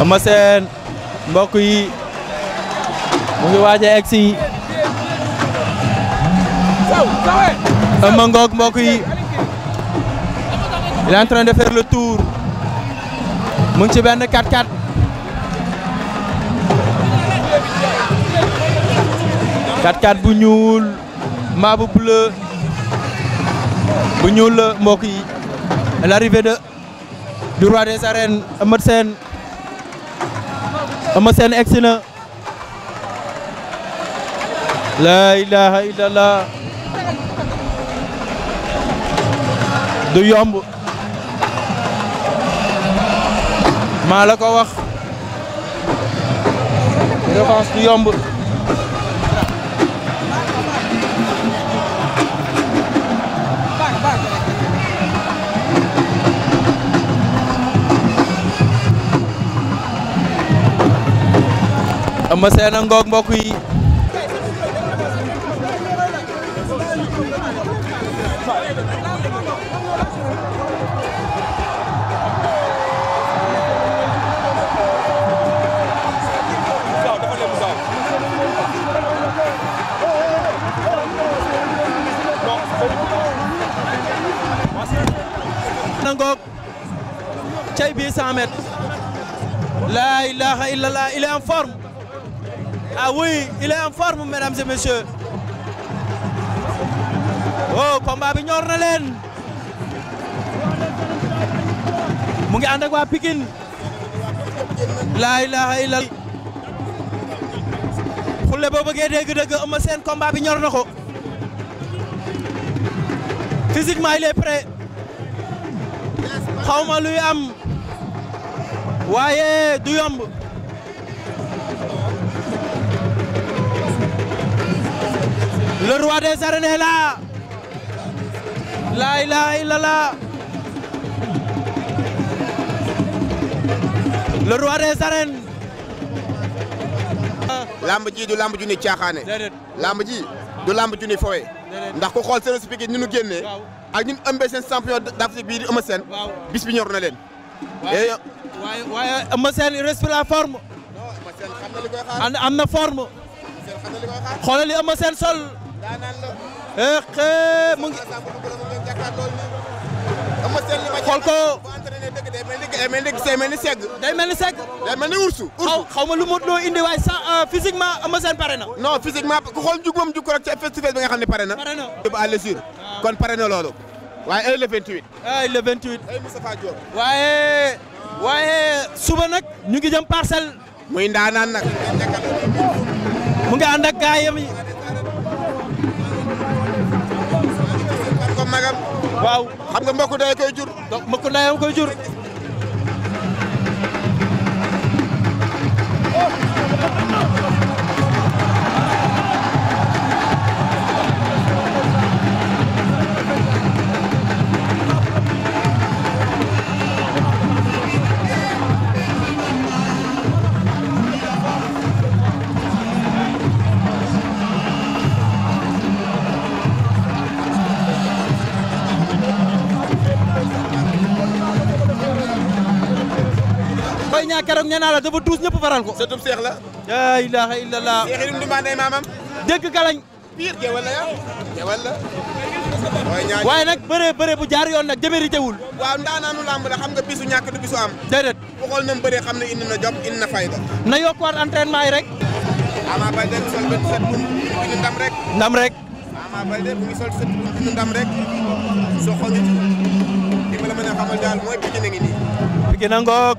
Eumeu Sène mbokk yi mu ngi waaj a egg si Eumeu yi il de faire le tour mu ngi ci benn 4-4 4-4 bu ñuul mbaa bu bleu bu ñuul la mbokk yi l'arrivée de du roi des arènes Eumeu Eumeu Sène egsi na laa ilaaha illallah du yomb maa la ko wax revanche du yomb Eumeu Sène a ngoog mbokk yi ngoog cey bi 100 mètres la ilaha Ah oui, il est en forme, mesdames et messieurs. Oh, bi ñor Mu ngi ànd ak waa Pikine. La ilaha illa xulle boo bëggee dégg-dëgg Eumeu Sène combat bi ñor na am. waaye du yomb. le roi des arènes est là la ilaha illallah le roi des arènes. lamb ji du lamb ju ni caaxaane. lamb ji du lamb ju ni fowe. ndax ku xool seen spike ni ñu génnee. ak ñun ëmbee seen champion d'Afrique bii di Eumeu Sène. bis bi ñor na leen. waaye eh, waaye Eumeu Sène il reste la forme. am na forme. xoolal li Eumeu Sène sol. xeex mu ngi. xool ko. day mel ni day mel ni segg. day mel ni segg. day mel ni ursu. ursu xaw ma lu mot loo indi waaye sans euh, physiquement ama seen pare na. non physiquement ku xool jug moom jug ko rek ca face nga xam ne pare na. pare na à ah. kon pare na loolu. waaye ay le 28. ay le 28. ay Moustapha waaye. suba nag ñu ngi jëm parcelle. muy ndaanaan nag. mu ngi ànd ak gaayam ndeyam waaw xam nga mbokku ndey koy jur donc mbokku ndeyam koy jur keroog nee naa la dafa tuus ñëpp faral ko. sëtub seex la. laa ilaaha illallah. seex yi ndumba ndey maamam. dégg galañ. pire géwal la yow géwal la. waaye nag bëree bëree bu jaar yoon nag démérité wul. waaw ndaanaanu lamb la xam nga bisu ñàkk du bisu am. déedéet bu xool na mu bëree xam ne indi na jom indi na fayda. na yokkuwaat entraînement yi rek. Ama Baldé mu sol benn set bu indi ndam rek. ndam rek. Ama Baldé mu ngi sol set bu indi ndam rek soo xool nit ñi li ma la mën a xamal daal mooy picc na ngi nii. picc na ngoog.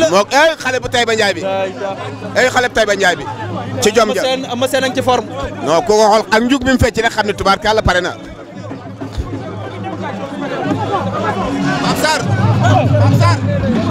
moo ay eh, xale bu Taïba Ndiaye bi ay eh, xale bu Taïba Ndiaye bi ci jom ja ma seen ci forme xool ak njug bi mu xam ne tubaarkàlla pare na Pape Sarr Pape Sarr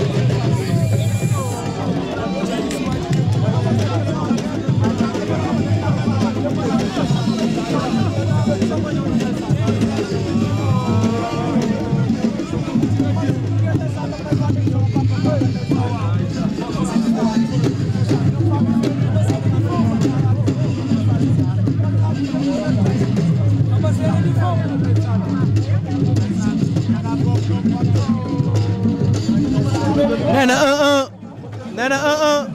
nee na 1-1 nee na 1-1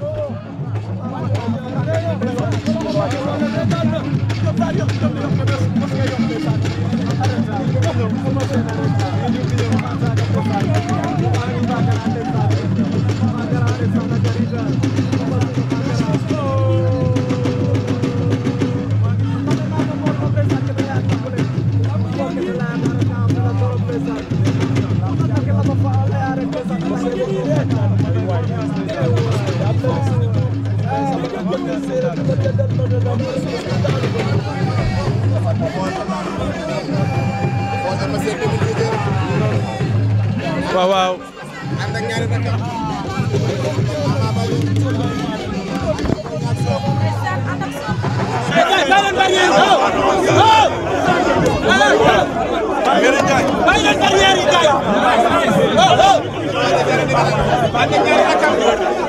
Thank you. waaw waaw waaw Bàyyi leen